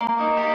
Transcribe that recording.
you